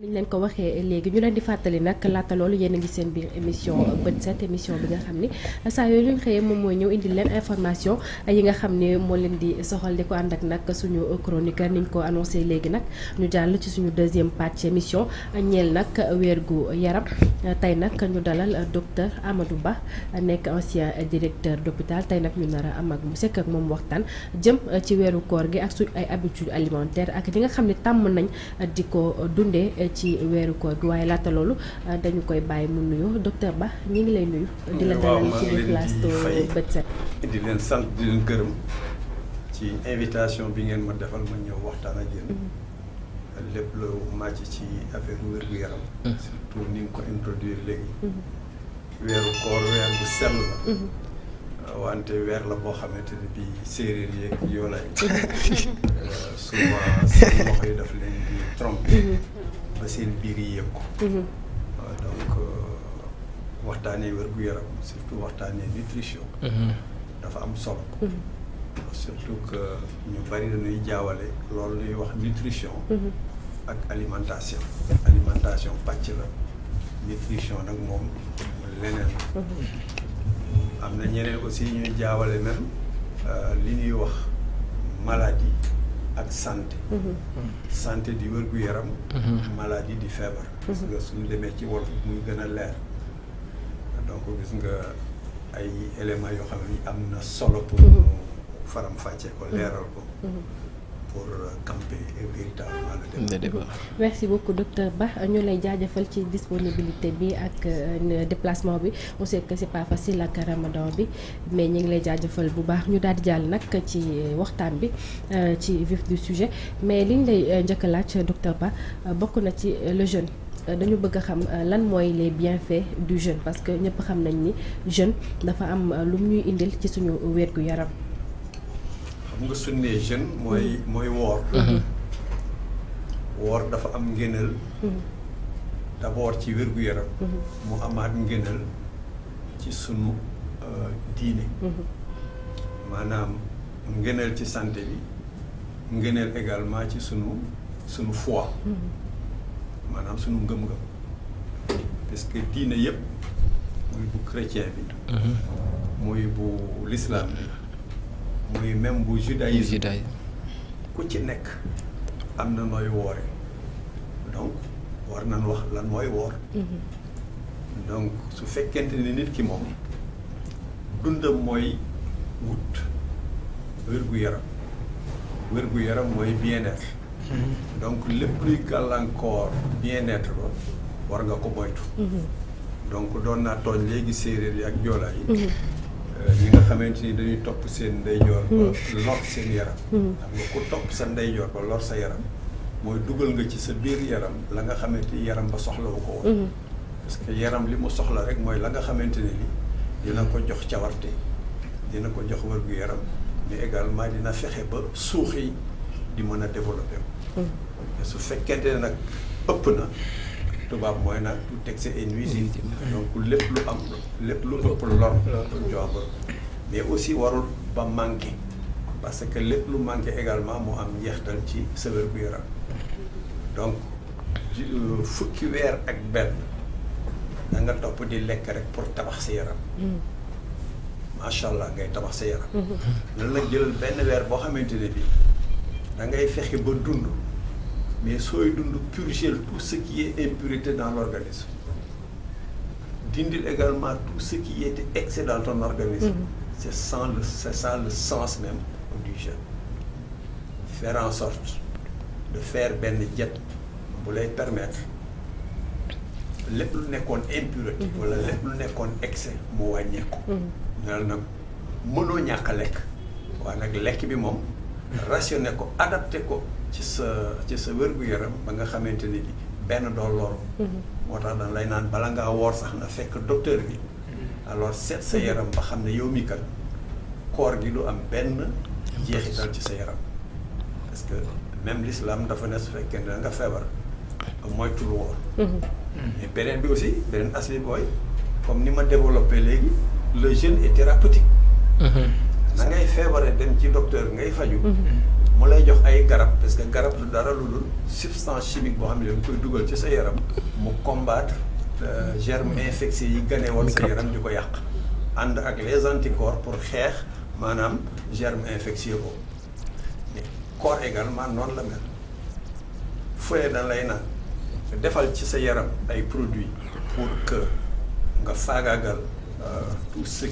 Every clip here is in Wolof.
liñ leen ko waxee léegi ñu leen di fàttali nag laata loolu yéen a ngi seen biir émission bët set émission bi nga xam ni saa yooyu luñ xëyee moom mooy ñëw indi leen information yi nga xam ne moo leen di soxal di ko ànd ak nag suñu chroniqueur niñ ko annoncé léegi nag ñu jàll ci suñu deuxième partie émission ñeel nag weer gu yaram tey nag ñu dalal docteur Amadou Ba nekk ancien directeur d'hôpital tey nag ñu nar a am ak mu sekk ak moom waxtaan jëm ci weeru koor gi ak suñ ay habitudes alimentaires ak li nga xam ne tàmm nañ di ko dundee ci weeru koor waaye laata loolu euh, dañu koy bàyyi mu nuyu docteur Ba ñi ngi lay nuyu. di la dalal ci biir plateau bët set di leen sant di leen gërëm ci invitation bi ngeen ma defal ma ñëw waxtaan ak yéen. Mhm. lépp lu màcc ci affaire wér-gu-yaram. Mhm. surtout ni nga ko introduire léegi. Mhm. weeru koor weer bu sell la. wante weer la boo xamante ne bii séeréer yeeg yoolaay euh, souvent seen loxo yi daf leen di ba seen biir yi yëngu. Mhm. donc euh, waxtaanee wér-gu-yaram surtout waxtaanee nutrition. Mhm. dafa am solo. Mhm. surtout que ñu bari dañuy jaawale loolu ñuy wax nutrition. ak alimentation. alimentation pàcc la nutrition nag moom leneen. am na ñeneen aussi ñuy jaawale même euh, li ñuy wax maladie. ak santé mhm. santé di wér-gu-yaram mhm. maladie di feebar gis mhm. nga suñu demee ci wolof muy gën a leer donc gis nga ay éléments yoo xam ni am na solo pour faram fàccee ko leeral ko pour euh, camper véritablement le débat. merci beaucoup docteur Ba ñu lay jaajëfal ci disponibilité bi ak euh, déplacement bi on sait que c'est pas facile ak ramadan bi mais ñu ngi lay jaajëfal bu baax ñu daal di jàll nag ci euh, waxtaan bi ci vif du sujet mais liñ lay njëkk a laaj docteur Ba bokk na ci le jeune. dañu bëgg a xam lan mooy les bienfaits du jeune parce que ñëpp xam nañ ni jeûne dafa am lu mu ñuy indil ci suñu wér gu yaram. xam nga suñ nee jeune mooy mm-hmm. mooy woor mm-hmm. woor dafa am ngénneel mm-hmm. d'abord ci wér-gu-yaram mu amaat ngénneel ci sunu euh, diine maanaam ngénneel ci santé bi ngénneel également ci sunu sunu foi maanaam sunu ngëm-ngëm parce que diine yëpp muy bu chrétien bi muy bu l'islam bi muy même bu judaïsme ku ci nekk am na nooy woore donc war nañ wax lan mooy woor mhm. donc su fekkente ni nit ki moom dundam mooy wut wér-gu-yaram wér-gu-yaram mooy bien mhm. donc lépp luy gàllankoor bien-être war nga ko moytu mhm. donc doon naa tooñ léegi séeréer yi ak joolaa ñi nga xamante ni dañuy topp seen ndeyjoor. ba hmm. lor seen yaram. Hmm. xam nga ku topp sa ndeyjoor ba lor sa yaram mooy dugal nga ci sa biir yaram la nga xamante ni yaram ba soxlawu ko woon. Hmm. parce que yaram li mu soxla rek mooy la nga xamante ne ni dina ko jox ca cawarte dina ko jox wërgu yaram mais également dina fexe ba suux di mën a développé wu. su fekkente nag ëpp na. tubaab mooy naan tout excès est nuisible donc lépp lu am lépp lu ëpp lor jomb mais aussi warul ba manqué parce que lépp lu manqué également mu am njeextal ci sa wér-gu-yaram donc euh, fukki weer ak benn da nga topp di lekk rek pour tabax sa yaram mm. macha allah ngay tabax sa yaram mm-hmm. lan nag jëlal benn weer boo xamante ne bi da ngay fexe ba dund mais sooy dund purger tout ce qui est dans l'organisme dindil également tout ce qui était excès dans ton organisme mm-hmm. c'est sans le c'est le sens même du jeûne faire en sorte de faire benn jet bu lay permettre lépp lu nekkoon impureté mm-hmm. wala lépp lu nekkoon excès mu wàññeeku ñal mm-hmm. nag mënoo ñàkk lekk waaye nag lekk bi moom rationné ko adapté ko ci sa ci sa wér-gu-yaram ba nga xamante ni bi benn doo loru mm-hmm. moo tax dañ lay naan bala ngaa woor sax na fekk docteur bi mm-hmm. alors seet sa yaram ba xam ne yow mi kat koor gi lu am benn jeexital ci sa yaram parce que même l'islam dafa ne su fekkee ne da nga feebar mooy woor mm-hmm. beneen bi aussi beneen asli booy comme ni ma développé léegi le jeûne est thérapeutique na ngay feebaree dem ci docteur ngay faju mu lay jox ay garab parce que garab lu dara lu dul substance chimique boo xam ne dañ koy dugal ci sa yaram mu combattre euh, germe infectieux yi gane woon sa yaram di ko yàq ànd ak les anticorps pour xeex maanaam germe infectieux ko mais corps également noonu la mel fu ne lay naan defal ci sa yaram ay produits pour que nga faagaagal euh, tout ce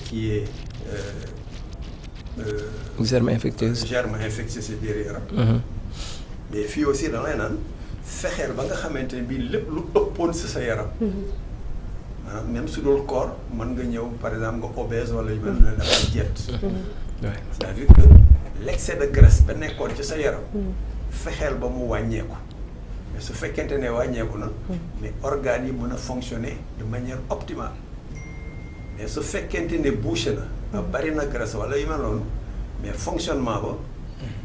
germe euh, infectieuse germe infectieuse si biir yaram. Mhm. mais fii aussi naan fexeel ba nga xamante ne bii lépp lu ëppoon si sa yaram. Mhm. maanaam même su dul koor mën nga ñëw par exemple nga obèse wala yu mel ne dafa jeet. c'est-à-dire que l'excès de graisse ba nekkoon ci sa yaram. Mhm. fexeel ba mu wàññeeku. mais su fekkente ne wàññeeku na. mais organes yi mën a fonctionner de manière optimale. mais su fekkente ne bouché na. bari na graisse wala yu mel mais fonctionnement ba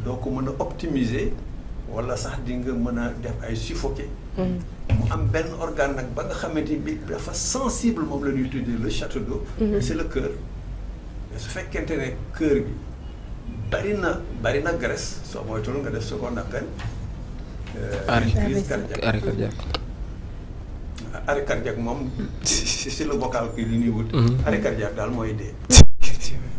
doo ko mën a optimiser wala sax di nga mën a def ay suffoqué mm-hmm. mu am benn organe nag ba nga xamante bi dafa sensible moom la ñuy tuddee le château d'eau mm-hmm. c'est le cœur su fekkente ne kër gi bari na bari na graisse soo moytuwul nga def seconde appel euh, crise cardiaque arrêt moom si le vocal ki li ñuy wut arrêt daal mooy dee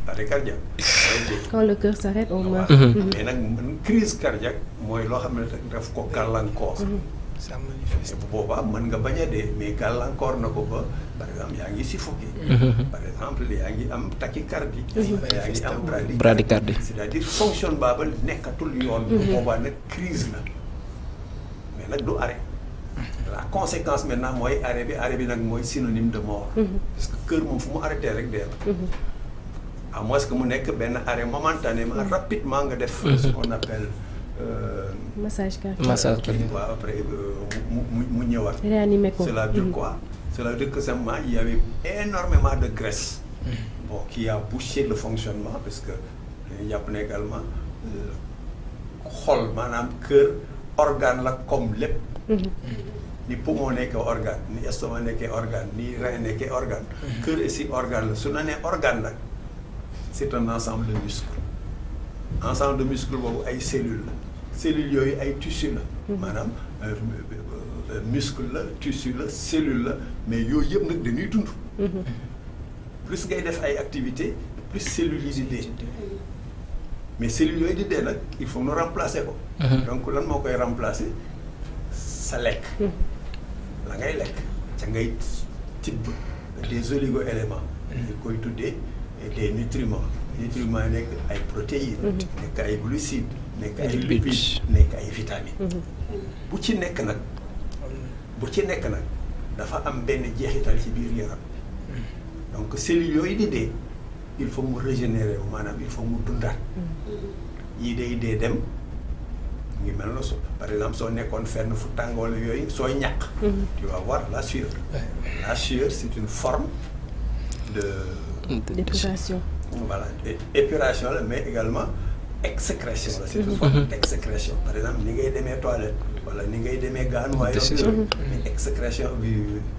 arrêt cardiaque. quand le cœur s'arrête on meurt. Mhm. Mhm. mais nag man crise cardiaque mooy loo xam ne daf ko gàllankoor. Mhm. ça manifeste bu boobaa mën nga bañ a dee mais gàllankoor na ko ba par exemple yaa ngi suffoqué. par exemple yaa ngi am tachycardie. yaa ngi am bradycardie bradycardie. c'est-à-dire fonctionne ba nekkatul yoon. bu boobaa nag crise la mais nag du arrêt. la conséquence maintenant mooy arrêt bi arrêt bi nag mooy synonyme de mort. parce que kër moom fu mu arrêté rek dee à moins que mu nekk benn arrêt momentanément rapidement nga def ce qu'on appelle euh, massage cardiaque massage après euh, mu mu mu ñëwaat la ko cela veut dire mm-hmm. quoi cela veut dire que simplement il y énormément de graisse mm-hmm. bon qui a bouché le fonctionnement parce que dañuy euh, jàpp également xol maanaam cœur organe la comme lépp mm-hmm. ni poumon nekkee organe ni estomac nekkee organe ni rein nekkee organe cœur aussi organe la su na nee organe la c'est un ensemble de muscles ensemble de muscles boobu ay cellules la cellules yooyu ay tissus la mhm. maanaam euh, euh, muscle la tissu la cellule la mais yooyu yëpp nag dañuy dund mhm. plus ngay def ay activités plus cellules yi di dee mais cellules yooyu di dee nag il faut nu remplacer ko mhm. donc lan moo koy remplacer sa lekk la ngay lekk ca ngay tibb des oligo éléments koy tuddee et des nutriments nutriments nekk ay protéines mhm. nekk ay glucides nekk ay lipides nekk ay vitamines mhm. bu ci nekk nag bu ci nekk nag dafa am benn jeexital ci biir yaram donc cellules yooyu di dee il faut mu régénérer wu il faut mu dundaat mhm. yii de dee dem ngi mel na su par exemple soo nekkoon fenn fu tàngoole yooyu sooy ñàq tu vas la sueur la sueur c'est une forme d'épuration voilà épuration la mais également excrétion la c'est une mhm. forme mhm. d'excrétion par exemple ni ngay demee toilette wala ni ngay deme gaanuwaay mhm. yooyu mais excrétion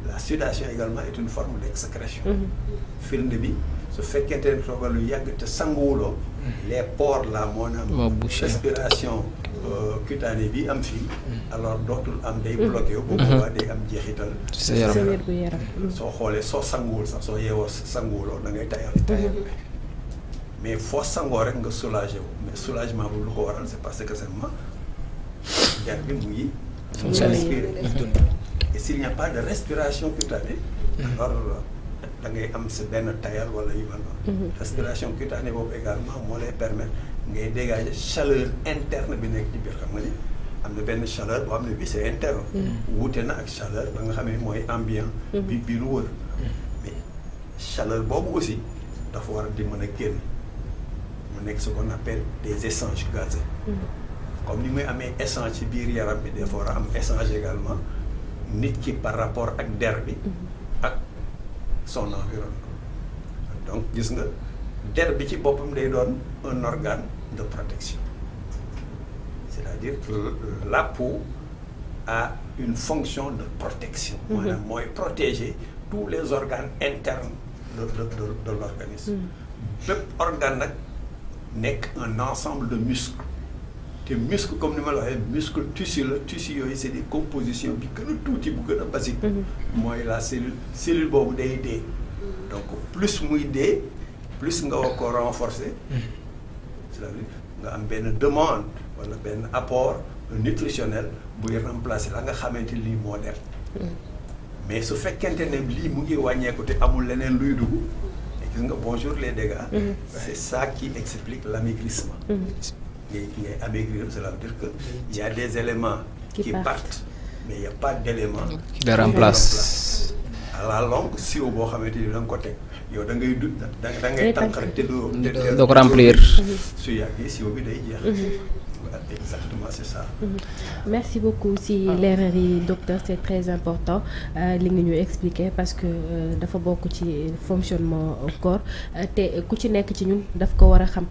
la sudation également est une forme d'excrétion firnde bi su fekkente ne toogal lu yàgg te sanguwuloo les pores la moo naam respiration Euh, cutané bi am fii mm. alors dootul am day mm-hmm. bloqué wu bu mm-hmm. boobaa day am jeexital soo xoolee soo sanguwul sax soo yeewoo sanguwuloo da ngay tayal tayal mm-hmm. mais foo sangoo rek nga soulagé wu mais bu lu ko waral c'est parce que seulement der bi mu ngi respiré et s'il n'y a pas de respiration cutanée alors euh, da am sa benn tayal wala yu mel respiration cutanée boobu également moo lay permettre ngay dégager chaleur interne bi nekk ci biir xam nga ni am na benn chaleur boo xam ne bi c'est interne. Mm. wuute na ak chaleur ba nga xam ne mooy ambiant. Mm. bi bi lu wër. Mm. mais chaleur boobu aussi dafa war a di mën a génn mu nekk si qu'on appelle des échanges gazeux. comme li muy amee échange ci biir yaram bi dafa war a am échange également nit ki par rapport ak der bi. ak son environnement. donc gis nga der bi ci boppam day doon un organe. de protection. C'est-à-dire que euh, la peau a une fonction de protection. Mm-hmm. maanaam mooy protéger tous les organes internes de de de de mm. bépp organe nag nekk un ensemble de muscles. te muscle comme ni ma la waxee muscle tissu la tissu yooyu c'est des compositions bi gën a tuuti bu gën a basique. Mm-hmm. mooy la cellule cellule boobu day dee. donc plus muy dee plus nga ko renforcer. Mm-hmm. c'est-à-dire nga am benn demande wala benn apport nutritionnel buy remplacer la nga xamante lii moo def mm. mais su fekkente ne lii mu ngi wàññeeku te amul leneen luy dugg gis nga bonjour les parce mm. que ça qui explique l'amaigrissement ngay mm. ngay amaigrir cela veut dire que il des éléments qui partent mais il y a pas d'éléments qui les à la longue siwo boo xamante ni da nga ko teg yow da ngay du da ngay tànk rek te doo. doo ko remplir. su yàggee si yow bi day jeex. Mm-hmm. Mhm. merci beaucoup si ah. leeral yi docteur c'est très important euh, li nga ñu expliquer parce que euh, dafa bokk ci fonctionnement corps euh, te ku ci nekk ci ñun daf ko war a xam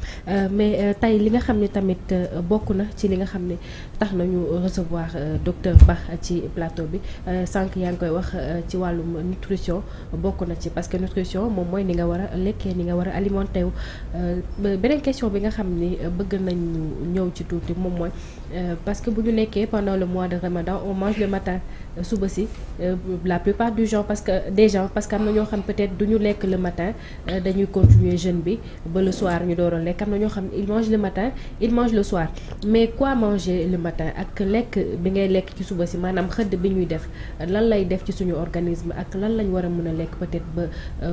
mais tey li nga xam ni tamit bokk na ci li nga xam ne tax nañu recevoir docteur Ba ci plateau bi sànq yaa ngi koy wax ci wàllum nutrition bokk na ci parce que nutrition moom mooy ni nga war a lekkee ni nga war a alimenté wu beneen question bi nga xam ni bëgg nañu ñëw ci tuuti. tuuti moom mooy euh, parce que bu ñu nekkee pendant le mois de Ramadan on mange le matin euh, suba si euh, la plupart du parce que des gens parce que am na ñoo xam peut-être du ñu lekk le matin dañuy continuer jeûne bi ba le soir ñu dooroon lekk am na ñoo xam il mange le matin il mange le soir mais quoi manger le matin ak lekk bi ngay lekk ci suba si maanaam xëdd bi ñuy def lan lay def ci suñu organisme ak lan lañ war a mën a lekk peut-être ba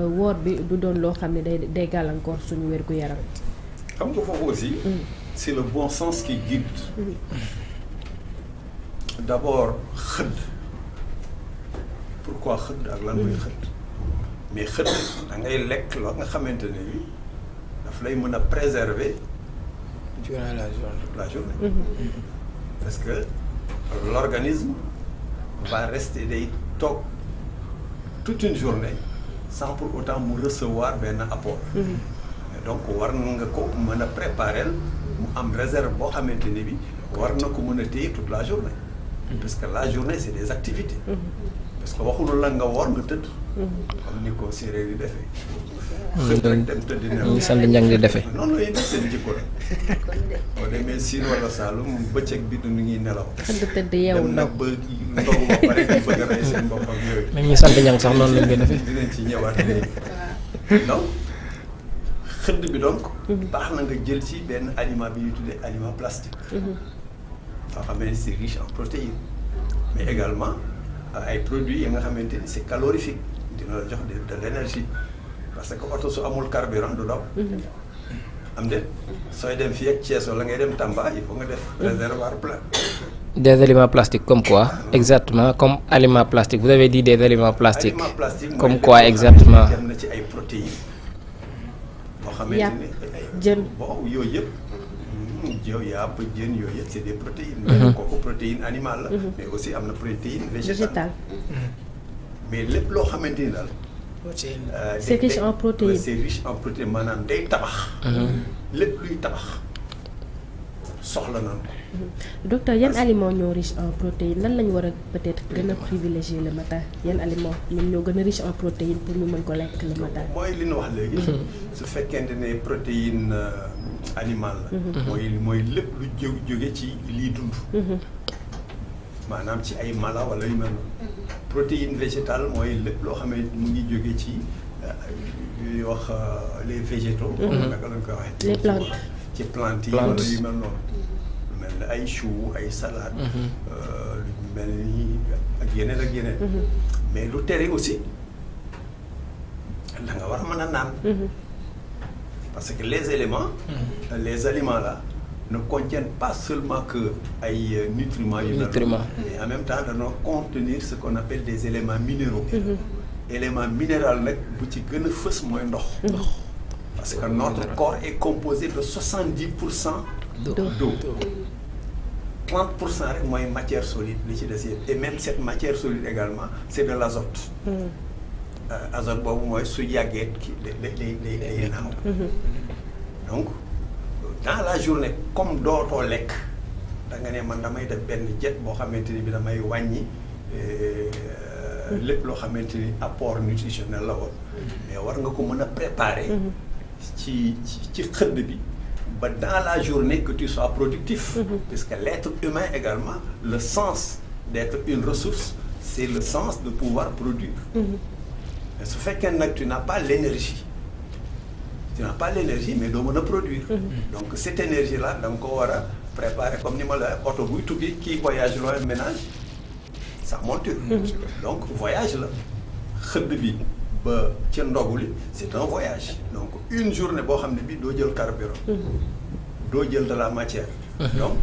woor bi du doon loo xam ne day day gàllankoor suñu wér yaram c'est le bon sens qui guide. d'abord xëdd pourquoi xëdd ak lan mooy xëdd mais xëdd da ngay lekk la nga xamante ne bi daf lay mën a préserver durant la journée la journée mhm. parce que l'organisme va rester day toog toute une journée sans pour autant mu recevoir benn apport mhm. donc war nga ko mën a préparer mu am réserve boo xamante ne bi war na ko mën a téye toute la journée mm-hmm. parce que la journée c'est des activités mm-hmm. parce que waxul la nga woor nga tëdd mm-hmm. comme ni ko séeréer yi defee xëy rek dem tëdd nelaw ñu sant njàng di defee noonu lay def seen la boo demee Siin wala Saalum bëccëg bi dund ngi nelaw xëdd tëdd yeewu nag ba ndogu ba pare ñu bëgg a rey seen bopp ak yooyu sax noonu lañ koy defee dinañ ci ñëwaat léegi donc xëdd bi donc. baax na nga jël ci benn aliment bi ñuy tuddee aliment plastique. soo mhm. xamee ne c'est riche en protéines mais également euh, ay produits yi nga xamante ni si calorifique dina la jox de de l'énergie parce que oto su amul carburant du daw. Mhm. am de sooy dem fi ak Thiès wala ngay dem Tamba il faut nga def mhm. réservoir plein. des aliments plastiques comme quoi exactement comme aliments plastiques vous avez dit des aliments plastiques. aliments comme quoi exactement. dem na ci ay protéines. boo xamante ne jën boo yooyu yëpp hmm, jëw yàpp jën yooyu yëpp c'est des protéines mais mhm. kooku protéine animale la mhm. mais aussi am na protéine végétale hmm. mais lépp loo xamante ni daal euh, c'est riche en protéines c'est riche en protéines maanaam day tabax mhm. lépp luy tabax soxla nañ ko docteur yan aliments ñoo riche en protéines lan la war a peut-être gën a privilégier le matin yan aliments ñoom ñoo gën a riche en pour ñu mën ko lekk le matin. mooy li ñu wax léegi. Mhm. su fekkente ne protéine euh, animale la. Mhm. Mhm. mooy lép lu jóg jóge ci liy dund. maanaam ci ay mala wala yu mel noonu. protéine végétale mooy lépp loo xam xamee mu ngi jóge ci euh, ñuy wax euh, les végétaux. naka lañ koy waxee. les plantes ci plantes yi wala yu mel noonu. ay choux ay salade mhm. euh, lu mel ni ak yeneen ak yeneen mhm. mais lu tere aussi da war a mën a naan mhm. parce que les éléments les aliments la ne contiennent pas seulement que ay euh, nutriments yu nutriments mais en même temps dañoo contenir ce qu'on appelle des éléments minéraux élément minéral nag bu ci gën a fës mooy ndox parce que notre corps est composé de soixante-dix pour cent d'eau 30 pour cent rek mooy matière solide li ci des yëpp et même cette matière solide également c' de l' hmm. euh, azote. boobu mooy su yàggee kii day day day day hmm. donc dans la journée comme dootoo lekk da nga ne man damay def benn jet boo xamante ni bi damay wàññi. Euh, lépp loo xamante ni apport nutritionnel la woon. Hmm. mais war nga ko mën a préparer. ci ci xëdd bi. ba dans la journée que tu sois productif. Mm-hmm. puisque l'être humain également le sens d'être une ressource c'est le sens de pouvoir produire. mais su fekkee nag tu na pas l'énergie tu n'as pas l'énergie mais doo mën a produire. Mm-hmm. Mm-hmm. donc cette énergie la da ko war a préparer comme ni ma la oto buy tukki kii voyage looy ménage sa monture. donc voyage la xëdd bi. ba ci ndogu li c'est un voyage donc une journée boo xam ne bii doo jël carburant mm-hmm. doo jël de la matière mm-hmm. donc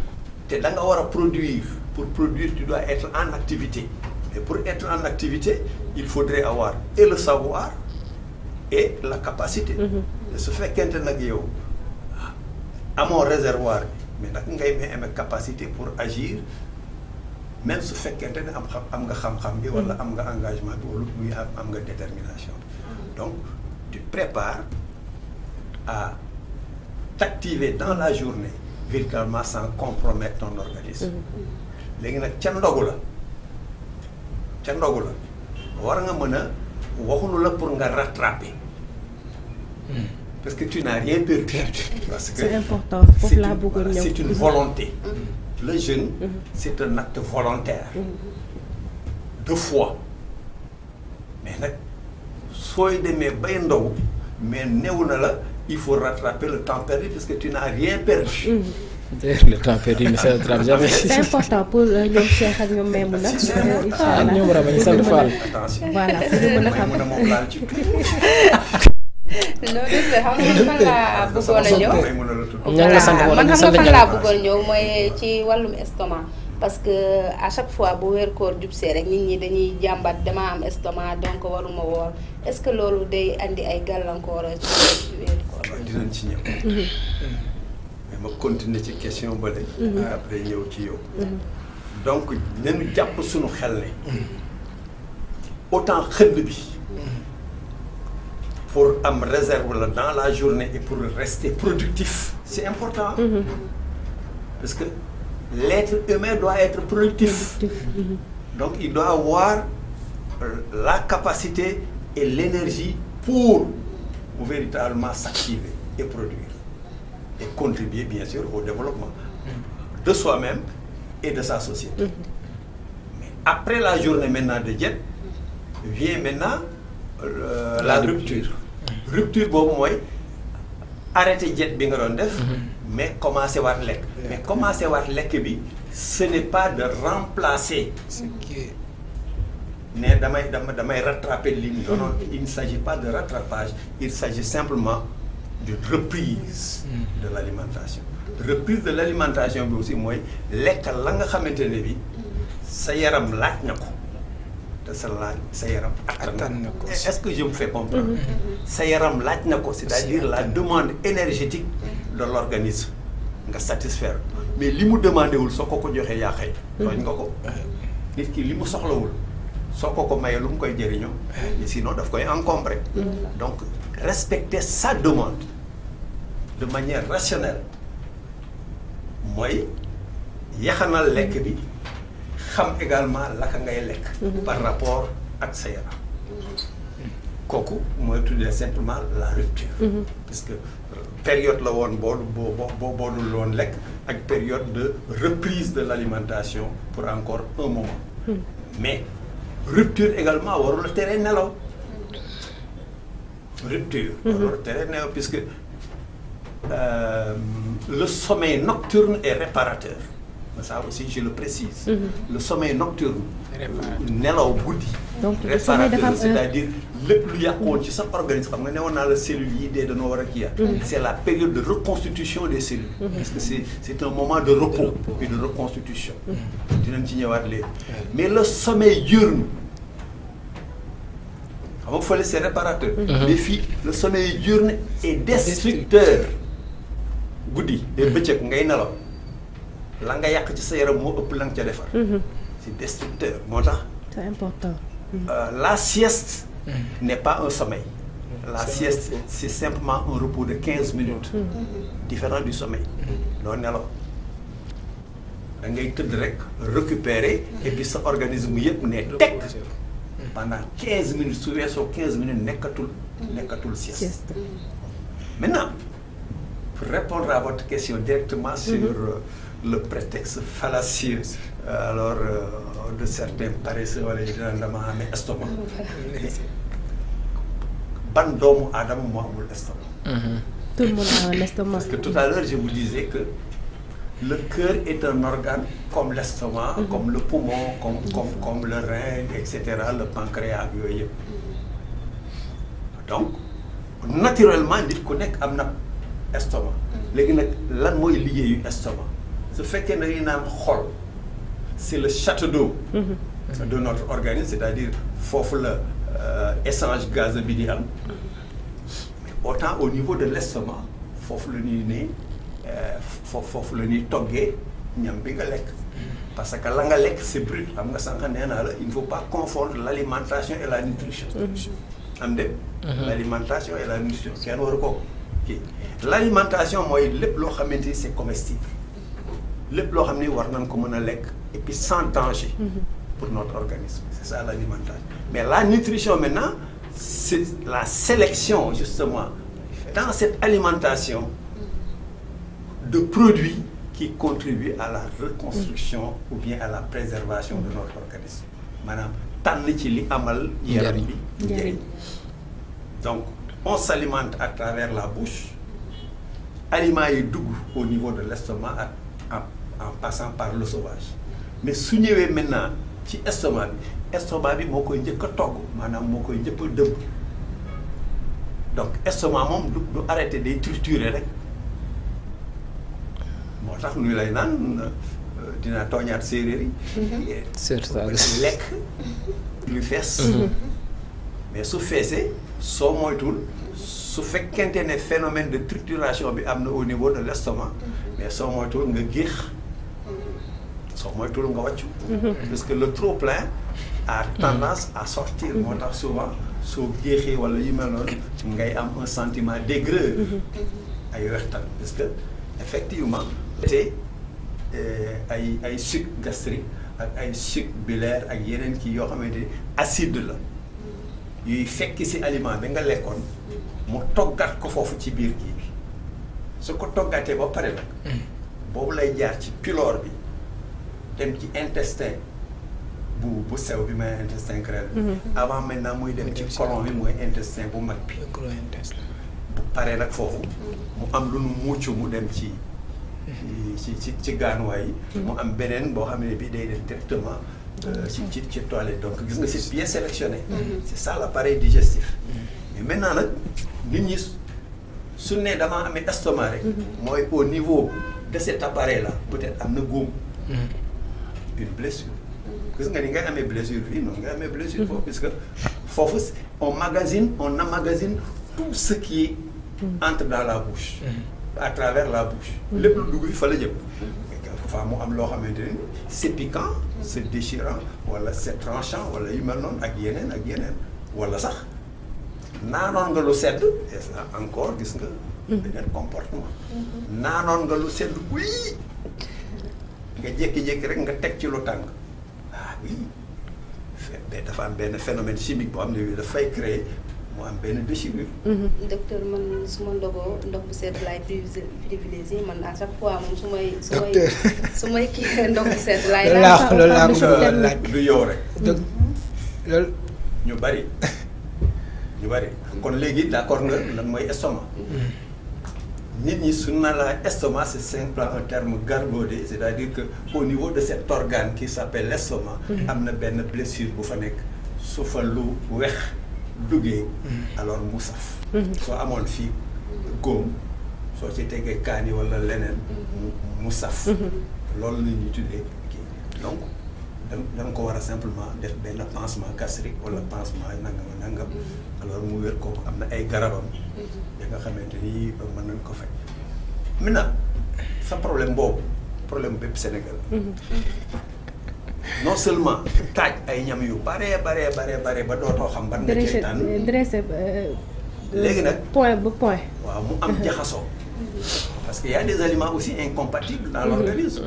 te da nga war a produire pour produire tu dois être en activité mais pour être en activité il faudrait avoir et le savoir et la capacité mm-hmm. su fekkente nag yow ah, amoo réservoir bi mais nag ngay may amee capacité pour agir même su fekkente ni am xam am nga xam-xam bi wala am nga engagement bi wala am nga détermination bi mm-hmm. donc tu prépares à t'activer dans la journée véritablement sans compromettre ton organisme mm-hmm. léegi nag ca ndogu la ca ndogu la war nga mën a waxulu la pour nga rattraper mm. parce que tu naa rien perdu mm-hmm. parce que c'est important foofu une volonté le jeûne c'est un acte volontaire de foi mais nag sooy demee bay ndaw mais néew na la il faut rattraper le temps perdu parce que tu n'as rien perdu le temps perdu ne s'attrape jamais. important pour euh, ñoom Cheikh ak ñoom Maimouna. incha allah ak ñoom Rama ñu sant Fall. voilà pour ñu mën a xam. non dëgg la la man xam nga fan laa bëggoon ñëw mooy ci wàllum estomac. parce que à chaque fois bu weer koor jubsee rek nit ñi dañuy jàmbat dama am estomac donc waruma woor est-ce que loolu day indi ay gàllankoor ci weer koor. Ah, dinañ ci ñëw. Mhm. mais continuer ci question ba de. Mhm. après ñëw ci yow. Mhm. donc nañu jàpp suñu xel ne. autant xëdd bi. pour am réserve la dans la journée et pour rester productif c'est important mmh. parce que l'être humain doit être productif mhm. donc il doit avoir euh, la capacité et l'énergie pour véritablement s'activer et produire et contribuer bien sûr au développement mhm. de soi-même et de sa société mhm. mais après la journée maintenant de jet vient maintenant Euh, la rupture rupture boobu mooy arrêté jet bi nga doon def mhm. mais commencé waat lekk mais commencé waat lekk bi ce n'est pas de remplacer ne damay damay rattraper li ñu doonoon il ne s'agit pas de rattrapage il s'agit simplement d'une reprise mhm. de l'alimentation reprise de l'alimentation bi aussi mooy lekk la nga xamante ne bi sa yaram laaj na ko te sa laaj sa yaram attan na ko est que je me fais comprendre mm-hmm. Mm-hmm. sa yaram laaj na ko c'est-à-dire la demande énergétique de l'organisme nga satisfaire mm-hmm. mais li mu demandé wul soo ko ko joxee yaa xëy tooñ nga ko nit kii li mu soxlawul soo ko ko mayee lu mu koy jëriñoo mais sinon daf koy encombrer donc respecter sa demande de manière rationnelle mooy yaxanal lekk bi xam également laka ngay lekk mhm. par rapport ak sa yaram mhm. kooku mooy tuddee simplement la rupture mhm. parce que euh, période la woon boo boo boo boo dul woon lekk ak période de reprise de l'alimentation pour encore un moment mais rupture également warul a tere nelaw rupture warul a tere nelaw puisque euh, le sommeil nocturne est réparateur ça aussi je le précise. Mm le sommeil nocturne. nelaw guddi. donc réparateur c'est-à-dire lépp lu yàqoon ci sa organisme xam nga ne woon naa la cellule yi dee dañoo war a kii mhm. c'est la période de reconstitution des cellules. Mm -hmm. parce que c'est c'est un moment de repos et de reconstitution. Mhm. dinañ ci ñëwaat léegi. mais le sommeil diurne. xam nga fële c'est réparateur. mais mhm. fii le sommeil diurne est destructeur. guddi de bëccëg ngay nelaw. la nga yàq ci sa yaram moo ëpp la nga ca defar. Mhm. c'est destructeur moo tax. c'est important. Mhm. Euh, la sieste. Mhm. n'est pas un sommeil. la sieste c'est simplement un repos de quinze minutes. différent du sommeil. doo nelaw da ngay tëdd rek récupérer et puis sa organisme yëpp ne teg pendant quinze minutes su weesoo quinze minutes nekkatul nekkatul sieste. maintenant pour répondre à votre question directement sur. Euh, le prétexte fallacieux alors euh, de certains paresseux wala ñu dinaan dama amee estomac ban doomu aadama moo amul estomac mm-hmm. tout le monde a un estomac tout à l'heure je vous disais que le cœur est un organe comme l'estomac mm-hmm. comme le poumon comme comme le rein et cetera le pancréas ak yooyu yëpp donc naturellement nit ku nekk am na estomac mm-hmm. léegi nag lan mooy liggéeyu estomac su fekkee ne dañuy naan xol c'est le château d'eau mm-hmm. de notre organisme c'est-à-dire foofu la échange euh, gaz bi di am mais autant au niveau de l'estomac foofu la ñuy ne euh, foofu la ñuy toggee ñam bi nga lekk parce que la nga lekk c'est brut xam nga sànq nee naa la il ne faut pas confondre l'alimentation et la nutrition mm-hmm. am de mm-hmm. l'alimentation et la nutrition kenn waru ko kii l'alimentation mooy lépp loo xamante ni c'est comestible lépp loo xam ni war nañ ko mën a lekk et puis sans danger. Mhm. pour notre organisme c'est ça l'alimentation mais la nutrition maintenant c'est la sélection justement dans cette alimentation de produits qui contribuent à la reconstruction mhm. ou bien à la préservation de notre organisme maanaam tànn ci li amal yaram bi njëriñ donc on s'alimente à travers la bouche aliments yi dugg au niveau de l'estomac ak en passant par le sauvage mais su ñëwee maintenant ci estomac bi estomac bi moo koy njëkk a togg maanaam moo koy njëkk a dëmb donc estomac moom du du arrêté day triturer rek moo tax ñu lay naan euh, dinaa tooñaat séeréer yi. c' lekk lu fees. Mhm. mais su feesee soo moytul su fekkente ne phénomène de trituration bi am na au niveau de l' estomac mais soo moytul nga géex. soo moytuwul nga wàccu. parce que le trop plein a tendance à sortir. moo tax souvent soo jeexee walla yu mel noonu ngay am un sentiment d'aigreur. ay wextaan parce que effectivement te euh, ay ay suc gastrique ak ay suc biliaire ak yeneen kii yoo xamante ni acide la yuy fekk ci aliment bi nga lekkoon mu toggat ko foofu ci biir kii bi su ko toggatee ba pare nag mm. boobu lay jaar ci pylore bi. dem ci intestin bu bu sew bi mooy intestin grêle mhm. avant maintenant muy dem ci colon bi mooy intestin bu mag bi bu paree nag foofu mu am lu nu mucc mu dem ci ci ci ci gaanuwaay yi mhm. mu am beneen boo xam ne bii day dem directement euh, ci ci ci toilette donc gis nga c'est mhm. bien sélectionné c'est ça l'appareil digestif mais maintenant nag nit ñi su ne damaa amee estomac rek mooy au niveau de cet appareil là peut-être am na góom une blessure gis nga ni ngay amee blessure fii noonu ngay amee blessure mhm. foofu puisque foofu on magasine na emmagasine tout ce qui mhm. entre dans la bouche mhm. à travers la bouche lépp lu dugg fi fa la jëm fa mu am loo xamante ni c'est piquant c'est déchirant wala c'est tranchant wala yu mel noonu ak yeneen ak yeneen wala sax naanoon nga lu sedd encore gis nga beneen comportement naanoon nga lu sedd guyi nga jékki-jékki rek nga teg ci lu tàng ah oui dafa am benn phénomène chimique boo xam ne dafay créer moo am benn déchirure. Mhm. docteur man su ma ndogoo ndox bu sedd laay privilégié man à chaque fois moom su may. docteur su may kii ndox bu sedd laay. laa ko laaj du yow rek. loolu. ñu bari ñu bari kon léegi d'accord nga lan mooy estomac. Mhm. nit ñi suñu naan la estomac c'est simple en terme galvaudé c'est-à-dire que au niveau de cet organe qui s'appelle l'estomac mm-hmm. am na benn blessure bu fa nekk su fa lu wex duggee mm-hmm. alors mu saf mm-hmm. soo amoon fii góom soo ci tegee kaani wala leneen mu mu saf loolu la ñuy tuddee donc da nga ko war a simplement def benn pansement gastrique wala pansement nangam nangam mm-hmm. alors mu wér ko am na ay garabam mm-hmm. ya nga xamante ni mën nañ ko faj na sa problème boobu problème bépp Sénégal mm-hmm. non seulement taaj ay ñam yu baree baree baree baree ba dootoo xam ban nga cay tànn euh, dressé euh, euh, léegi nag point bu point waaw mu am jaxasoo parce que y des aliments aussi incompatibles dans l'organisme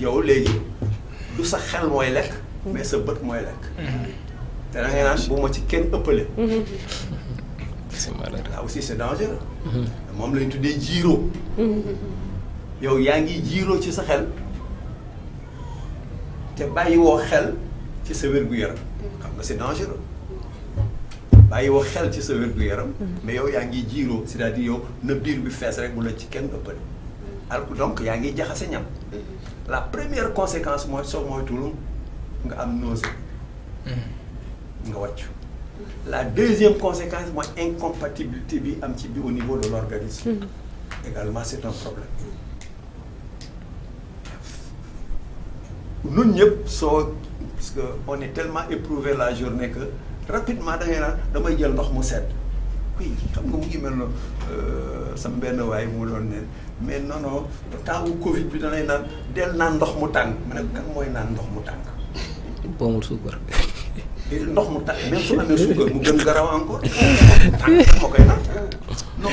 yow léegi lu sa xel mooy lekk mais sa bët mooy lekk mm-hmm. te da ngay naan bu ma ci kenn ëppale mm-hmm. là aussi c'est dangereux mm-hmm. moom lañ tuddee jiiroo yow yaa ngi jiiroo ci sa xel te bàyyiwoo xel ci sa wér-gu-yaram xam nga c'est dangereux bàyyiwoo xel ci sa wér-gu-yaram mais yow yaa ngi jiiroo cest à yow na biir bi fees rek bu la ci kenn ëppale alors donc yaa ngi jaxase ñam la première conséquence mooy soo moytuwul nga am nausée. Mm-hmm. nga wàcc. la deuxième conséquence mooy incompatibilité bi am ci bi au niveau de l'organisme. Mm-hmm. également c'est un problème. nun ñëpp soo parce que on est tellement éprouvé la journée que rapidement da ngay damay jël ndox mu sedd. oui xam nga mu ngi mel ne euh, sama benn waay mu doon ne. mais noonu taawu temps Covid bi da lay naan del naan ndox mu tàng ma ne mooy naan ndox mu tàng. boomul suukar. Eh, ndox mu tàng même mu gën garaw encore tàng moo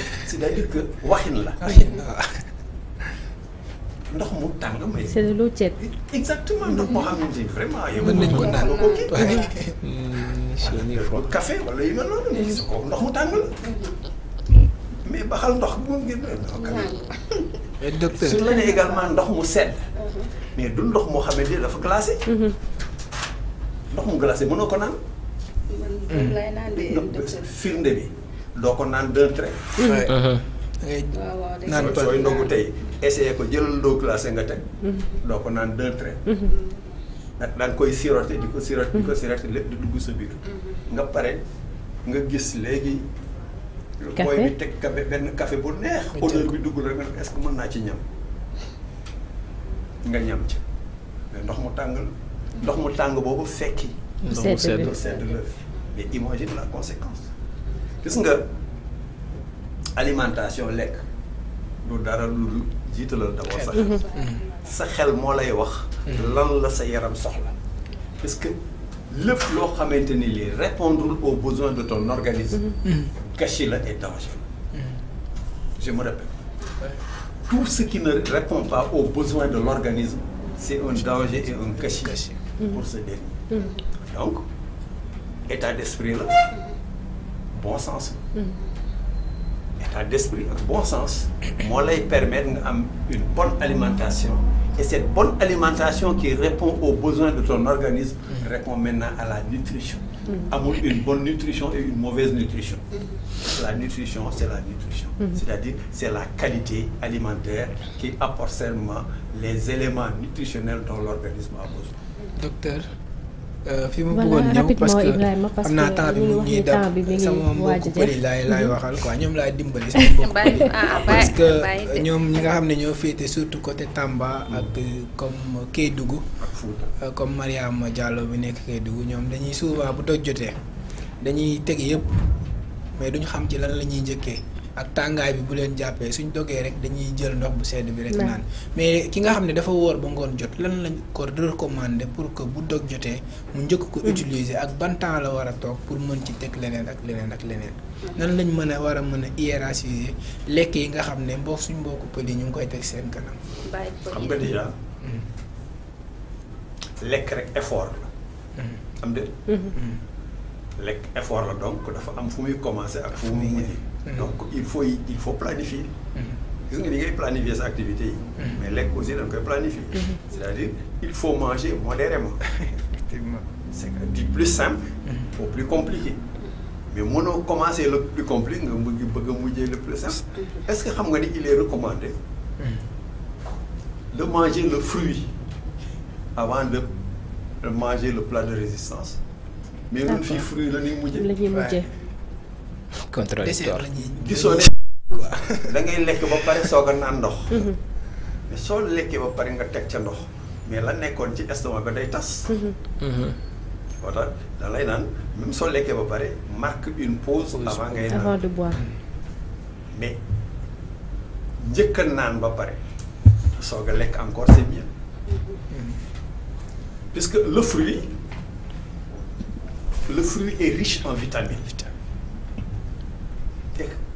waxin la. ndox mu tàng may. c'est de l'eau tiède. exactement ndox moo xam ne vraiment yow. mën nañu ko naan ko kii. Mmh, café wala yu mel noonu. ndox mu tàng la. mais baxal ndox bu ngeen doon. docteur su la nee ndox mu sedd. Mhm. mais du ndox moo xam ne dafa glacé. Mhm. ndox mu glacé mënoo ko naan. man lay naan firnde bi doo ko naan d'un trait. Mhm. naan ko sooy ndogu tey essayé ko jëlal doo glacé nga teg. doo ko naan d'un trait. nag daan koy siroté di ko siroté di ko siroté lépp di dugg sa biir. nga pare nga gis léegi. café booy teg café benn kafe bu neex. odeur bi dugg la rek est-ce mën naa ci ñam. nga ñam ci mais ndox mu tàng ndox mu tàng boobu fekki. ndox mu sedd sedd la mais imagine la conséquence. gis nga alimentation lekk du dara lu jiitalal d'abord sa xel. Mhm. sa xel moo lay wax. Mhm. lan la sa yaram soxla parce que. lépp loo xamante ni lii répondre aux besoins de ton organisme gâchis mm-hmm. mm-hmm. la et danger mm-hmm. je me répète tout ce qui ne répond pas aux besoins de l'organisme c'est un danger et un gâchis pour ce dernier donc état d'esprit la bon sens état d'esprit bon sens moo lay permettre nga am une bonne alimentation Et cette bonne alimentation qui répond aux besoins de ton organisme mm. répond maintenant à la nutrition. Mm. Amour, une bonne nutrition et une mauvaise nutrition. La nutrition, c'est la nutrition. Mm. C'est-à-dire, c'est la qualité alimentaire qui apporte seulement les éléments nutritionnels dont l'organisme a besoin. Euh, fi mu bëggoon ñëw parce que am naa temps bi mu ngi dab sama mbokk bëri laay laay mhm. waxal quoi ñoom laay dimbali sama mbokk bëri ah, parce que ñoom ñi nga xam ne ñoo féete surtout côté Tamba ak comme Kédougou euh, comme Mariama Diallo bi nekk Kédougou ñoom dañuy souvent bu doj jotee dañuy teg yëpp mais duñu xam ci lan la ñuy njëkkee ak tàngaay bi bu leen jàppee suñ dogee rek dañuy jël ndox bu sedd bi rek naan mais ki nga xam ne dafa woor ba ngoon jot lan lañ ko recommander pour que bu dog jotee mu njëkk ko mm. utiliser ak ban temps la war a toog pour mën ci teg leneen ak leneen ak leneen nan lañ mën a war a mën a hiérarchiser lekk yi nga xam ne mbokk suñ mbokku pël yi ñu ngi koy teg seen kanam xam nga déjà mm. lekk rek effort la mm. am de mm-hmm. lekk effort la donc dafa am fu muy commencer ak fu muy mujj Mm-hmm. donc il faut il faut planifier. Mm-hmm. gis nga ni ngay planifier sa activité yi. Mm-hmm. mais lekk aussi da nga koy planifier. c'est-à-dire il faut manger modérément. effectivement c'est du plus simple. au plus compliqué. mais mënoo commencé le plus compliqué nga mujj bëgg a mujjee le plus simple. est-ce que xam nga ni il est recommandé. de manger le fruit avant de manger le plat de résistance. mais ñun fii fruit la ñuy mujjee. contradictoire gisoo ne da ngay lekk ba pare soog a naan ndox mais soo lekkee ba pare nga teg ca ndox mais la nekkoon ci estomac ba day tas moo tax naan même soo lekkee ba pare marque une pause avant ngay naan avant de boire mais njëkk naan ba pare soog a lekk encore c'est mieux que le fruit le fruit est riche en vitamines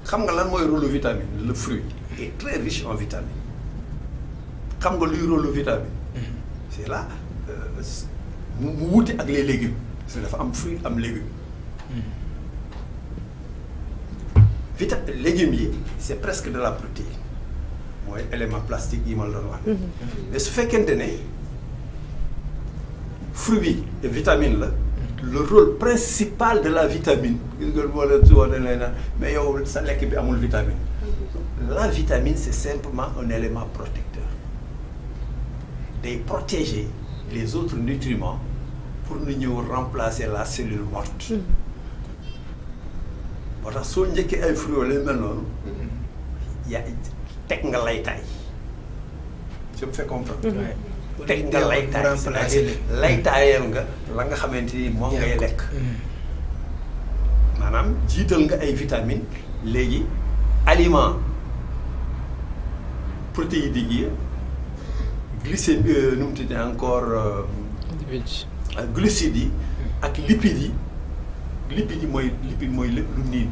xam nga lan mooy rôle vitamine le fruit est très riche en vitamine xam nga luy rôle vitamine mm-hmm. c'est là euh, mu wuute ak les légumes parce dafa am fruit am légumes mm-hmm. vita légumes yi c'est presque de la protéine mooy élément plastique yi ma la doon mm-hmm. mais su fekkente ne fruit bi vitamine la le rôle principal de la vitamine gis nga boo leen si mais yow sa lekk bi amul vitamine la vitamine c'est simplement un élément protecteur day protéger les autres nutriments pour nu ñëw remplacer la cellule morte mm-hmm. moo tax soo njëkkee ay fruits la mel noonu mm-hmm. yaa teg nga laytaay je me fais comprendre mm-hmm. tegtal lay taay cest à nga la nga xamante ni moo ngay lekk mm. maanaam jiital nga ay vitamines léegi aliment protéides yi glycé euh, nu mu tuddee encore. Euh, glucides yi ak lipides yi lipides yi mooy lipide mooy lépp lu niin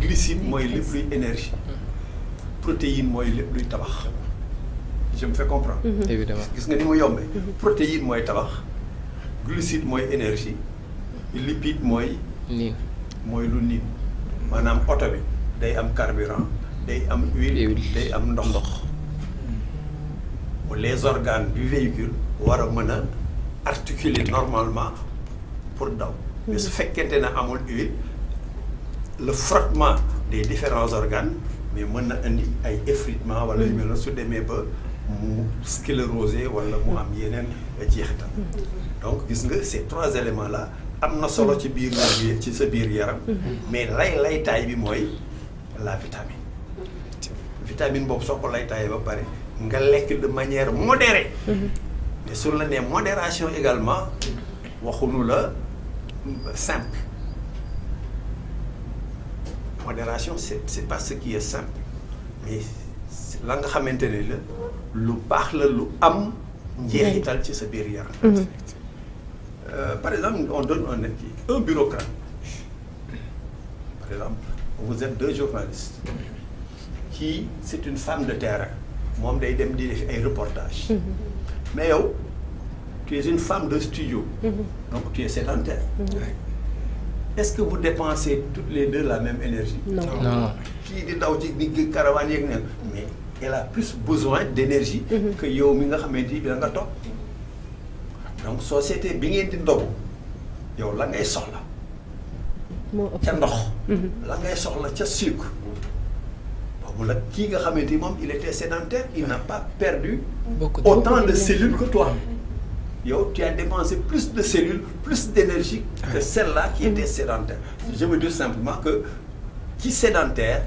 glycide mooy lépp luy énergie mm. protéine mooy lépp luy tabax je me fais comprendre. Mhm. évidemment gis nga ni mu yombee. protéine mooy tabax glucide mooy énergie lipide mooy. niin mooy lu niin maanaam oto bi day am carburant day am huile day am ndox ndox les organes du véhicule war a mën a articuler normalement pour daw mhm. mais su fekkente na amul huile la frottement des différents organes mais mën na indi ay effritement wala yu mhm. su demee ba mu sclérosé wala mu am yeneen jeexital donc gis nga ces trois éléments la am na solo ci biir ci sa biir yaram mais lay laytaay bi mooy la vitamine vitamine boobu soo ko laytaay ba pare nga lekk de manière modérée mais su la nee modération également waxunu la simple modération c'est pas ce qui est simple mais la nga xamante ne la lu baax la lu am njeexital ci sa biir yaram mhm. euh, par exemple on donne un kii un bureaucrate par exemple vous êtes deux journalistes kii c'est une femme de terrain moom day dem di def ay reportages mhm. mais yow tu es une femme de studio mhm. donc tu es sédentaire est-ce que vous dépensez toutes les deux la même énergie non kii di daw ci digg caravane yeeg elle a plus besoin d' énergie. Mhm. que yow mi nga xamante ni da nga toog. donc société bi ngeen di ndogu yow la ngay soxla. ca ndox. Mhm. la ngay soxla ca sucre. boobu la kii nga xamante ni moom il était sédentaire il n'a pas perdu. autant de cellules que toi. yow tu as dépensé plus de cellules plus d' énergie. que celle-là qui mhm. était sédentaire. je veux de simplement que ci sédentaire.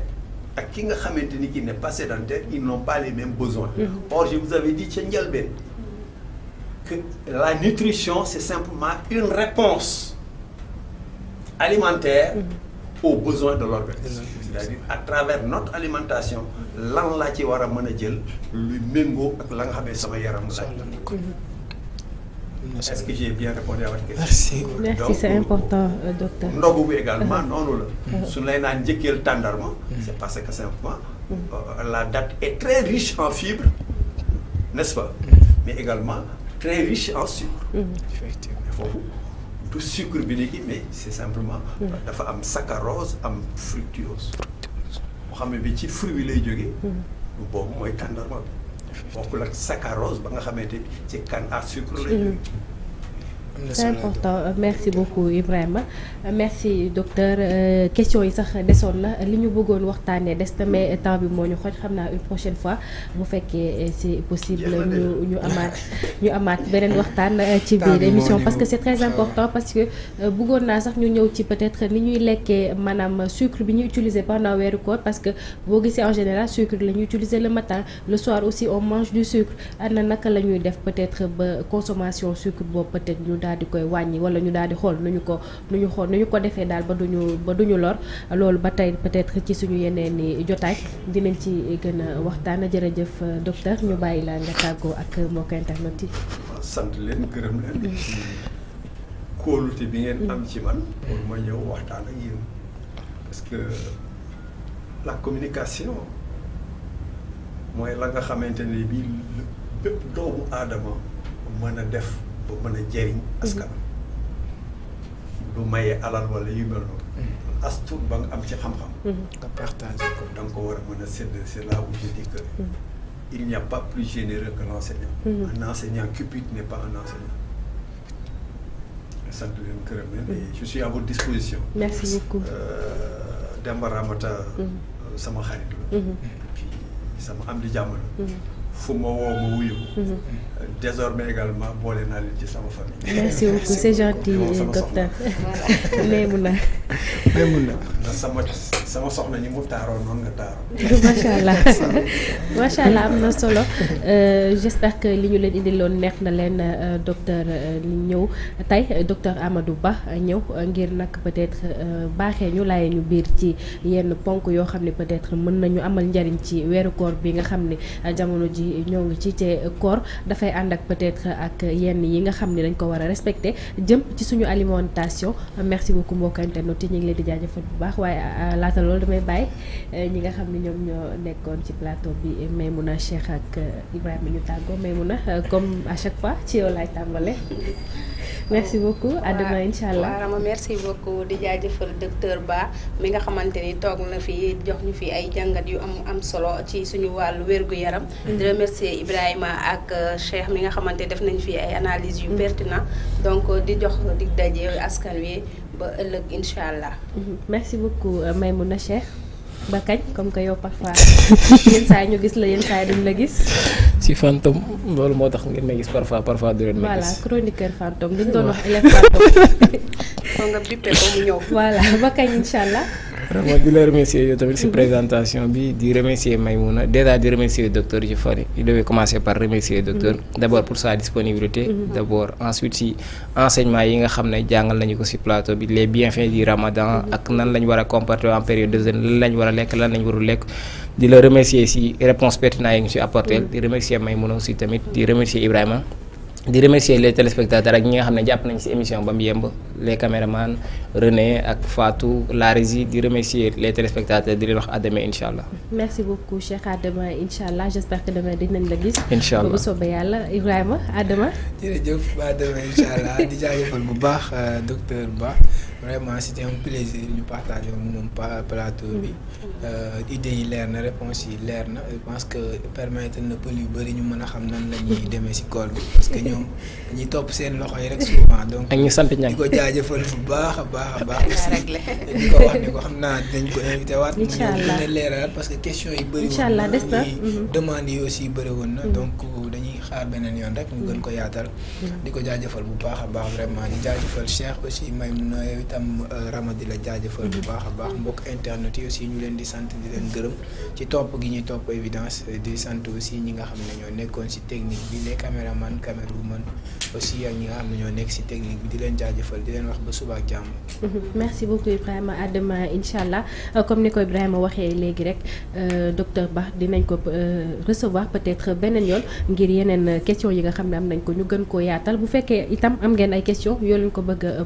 ak ki nga xamante ni ki n'est pas sédentaire ils n'ont pas les mêmes besoins mm-hmm. or je vous avais dit ca njëlbeen la nutrition c'est simplement une réponse alimentaire mm-hmm. aux besoins de l'organisme cest à travers notre alimentation lan laa ci war a mën a jël luy méngoo ak la nga xam ne sama yaram laaj est-ce que c'est important docteur. ndogu également noonu la. su lay naan njëkkeel tàndarma. c'est parce que simplement la date est très riche en fibres nest pas. mais également très riche en sucre. foofu du sucre bi léegi mais c'est simplement. Euh, dafa am saccharose am fructuose. boo xam ne bi ci fruit bi lay jógee. boobu mooy tàndarma bi. bokkul ak saccharose ba nga xamante ci canne à sucre la mm. c'est important merci beaucoup Ibrahima euh, merci docteur euh, question yi sax desoon na li ñu bëggoon waxtaanee des na mais temps bi moo ñu xooj xam naa une prochaine fois bu fekkee euh, c'est possible ñu ñu amaat ñu amaat beneen waxtaan ci biir émission parce que c'est très important parce que bëggoon naa sax ñu ñëw ci peut-être ni ñuy lekkee maanaam sucre bi ñu utiliser pendant weeru koor parce que boo gisee en général sucre la ñuy utiliser le matin le soir aussi on mange du sucre ana naka la ñuy def peut-être ba consommation sucre boobu peut daal di koy wàññi wala ñu daal di xool nu ñu ko nu ñu xool nu ñu ko defee daal ba duñu ba duñu lor loolu ba tey peut-être ci suñu yeneen i jotaay dinañ ci gën a waxtaan jërëjëf docteur ñu bàyyi laa nga tàggoo ak mbokk internet yi. sant leen gërëm leen. kóolute bi ngeen am ci man. pour ma ñëw waxtaan ak yéen la mooy la nga xamante ne bii bépp doomu aadama mën a def. bu mën a jëriñ askan mhm. du maye alal wala yu mel mhm. ba nga am ci xam-xam mhm. nga partagé ko da ko war a mën a séddale c'est là où je dis que il n'y pas plus généreux que l'enseignant un enseignant cupide n'est pas un enseignant sant leen gërëm leen je suis à votre disposition merci euh, beaucoup euh, sama xarit la sama am di jàmm fu ma woo ma wuyu. Mhm. désormais également boole naa leen ci sama famille. merci beaucoup c'est gentil docteur Maimouna. Maimouna ndax sama sama soxna ni mu taaroo noonu nga taaroo. macha allah am na solo euh, j'espère que li ñu leen indiloon neex na leen euh, docteur euh, ñëw tey docteur amadu Ba ñëw ngir nag peut-être baaxee ñu laajee ñu biir ci yenn ponk yoo xam ne peut-être mën nañu amal njariñ ci weeru koor bi nga xam ne jamono ji ñoo ngi ci te koor dafay ànd ak peut ak yenn yi nga xam ni dañ ko war a respecter jëm ci suñu alimentation merci beaucoup mbokk noo yi ñu ngi leen di jaajëfal bu baax waaye loolu damay bàyyi eh, ñi nga xam ne ñoom ñoo nekkoon ci plateau bi eh, Maimouna Cheikh ak eh, bi ñu tàggoo Maimouna comme à chaque fois ci yow laay tàmbale merci beaucoup à demain incha allah merci beaucoup di jaajëfal docteur Ba mi nga xamante ni toog na fi jox ñu fi ay jàngat yu am am solo ci suñu wàllu wérgu yaram mm-hmm. di remercier Ibrahima ak Cheikh mi nga xamante def nañu fi ay analyses yu mm-hmm. na donc di jox di daje askan wi ba ëllëg incha allah. Mhm. merci euh, may mu Cheikh ba kañ comme que yow parfois yenn saa ñu gis la yenn saa duñ la gis. ci fantôme loolu moo tax ngeen may gis parfois parfois du leen may gis. voilà chroniqueur fantôme liñ doon wax élève fantôme. kon nga bippe ko mu ñëw. voilà ba kañ incha allah. vraiment di la remercier yow tamit si présentation bi di remercier Maïmouna déjà di remercier docteur ji fari il devait commencer par remercier docteur mm-hmm. d' abord pour sa disponibilité mm-hmm. d' abord ensuite si enseignement yi nga xam ne jàngal nañu ko si plateau bi les bienfaits du ramadan mm-hmm. ak nan lañ war a comporter en période de jeûne lan lañ war a lekk lan lañ warul lekk di la remercier si réponse pertinente yi nga si apporté di remercier Maïmouna aussi tamit di remercier Ibrahima di remercier les téléspectateurs ak ñi nga xam ne jàpp nañ ci émission ba mu yemb les caméramans René ak Fatou la régie di remercier les téléspectateurs di leen wax à demain incha allah. merci beaucoup Cheikh à demain incha allah j' espère que la gis. incha allah bu ba yàlla Ibrahima à demain. jërëjëf à demain incha allah di bu baax euh, docteur Ba. vraiment c'était un plaisir ñu partager moom plateau bi mm-hmm. euh, idées yi leer na réponse yi leer na je que permettre na pël yu bari ñu mën a xam na la ñuy demee si koor bi parce que ñoom dañuy topp seen loxo yi rek souvent donc ak ñu sant ñaar di ko jaajëfal bu baax a baax a baax aussi di ko wax ne ko xam naa dinañ ko invité waat mu gën a leeral parce que question yi bëri woon mm-hmm. demande yi aussi bëri na mm-hmm. donc dañuy xaar beneen yoon rek ñu gën ko yaatal mm-hmm. di ko jaajëfal bu baax a baax vraiment di jaajëfal Cheikh aussi may mun na yow itam euh, Rama di la jaajëfal bu mm-hmm. baax a baax mbokk internet yi aussi ñu leen di sant di leen gërëm ci topp gi ñu topp évidence di sant aussi ñi nga xam ne ñoo nekkoon si technique bi les caméraman caméraman aussi ak ñi nga xam ne ñoo nekk si technique bi di leen jaajëfal di leen wax ba suba ak jàmm mm-hmm. merci beaucoup Ibrahima à demain incha allah euh, comme ni ko Ibrahima waxee léegi rek euh, docteur Ba dinañ ko recevoir peut-être yoon ngir yenn euh, question yi nga xam ne am nañ ko ñu gën koo yaatal bu fekkee itam am ngeen ay question yoo leen ko bëgg a euh,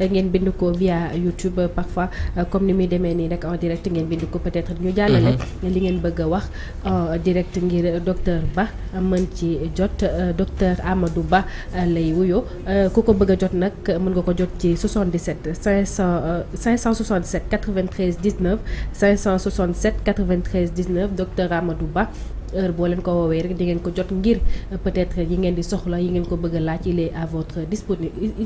euh, ngeen bind ko via YouTube parfois comme ni muy demee nii rek en direct ngeen bind ko peut-être ñu jàllale mhm. li ngeen bëgg a wax en direct ngir docteur Ba mën ci jot docteur Amadou Ba lay wuyoo ku ko bëgg a jot nag mën nga ko jot ci 77 500 567 93 19 567 93 19 docteur Amadou Ba heure boo leen ko woowee rek di ngeen ko jot ngir peut-être yi ngeen di soxla yi ngeen ko bëgg laaj il est à votre dispo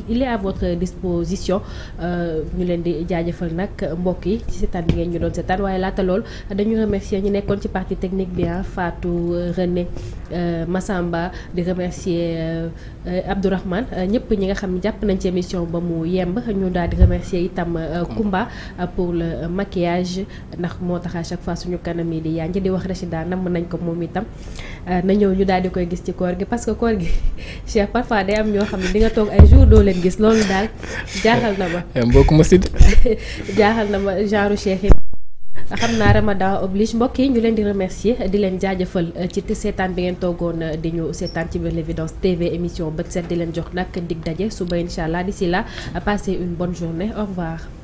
il est à votre disposition euh, ñu leen di jaajëfal nag mbokk yi ci seetaan bi ngeen ñu doon seetaan waaye laata lool dañu remercier ñu nekkoon ci partie technique bi ah Fatou euh, René euh, Massamba di remercier Abdourahmane ñëpp ñi nga xam jàpp nañ ci émission ba mu yemb ñu daal di remercier itam Kumba pour le maquillage ndax moo tax a chaque fois suñu kanam yi di yànj wax Rachida namm nañ ko moom moom itam euh, na ñëw ñu daal di koy gis ci koor gi parce que koor gi Cheikh parfois day am ñoo xam ne di nga toog ay jours doo leen gis loolu daal jaaxal na ma. Eh, mbokk ma si jaaxal na ma genre Cheikh xam naa Ramadan oblige mbokk yi ñu leen di remercier di leen jaajëfal euh, ci seetaan bi ngeen toogoon euh, di ñu seetaan ci biir l'évidence TV émission bët set di leen jox nag di daje suba incha allah d'ici là passez une bonne journée au revoir.